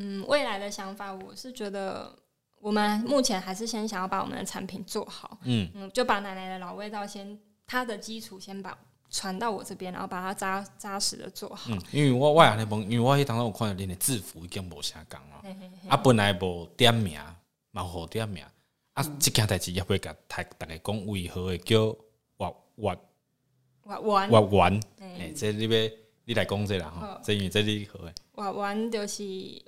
嗯，未來的想法，我是覺得我們目前還是先想要把我們的產品做好，嗯，嗯就把奶奶的老味道先，它的基礎先把傳到我這邊，然後把它扎扎實的做好。因為我我也在幫，因為我迄當初我看到恁的制服已經冇相講啊，啊本來冇點名，冇好點名，啊即件代志也會甲台台個講為何會叫月源月源？哎、嗯，這裏邊、欸嗯，你，你來講人下哈，因為這裏好誒，月源就是。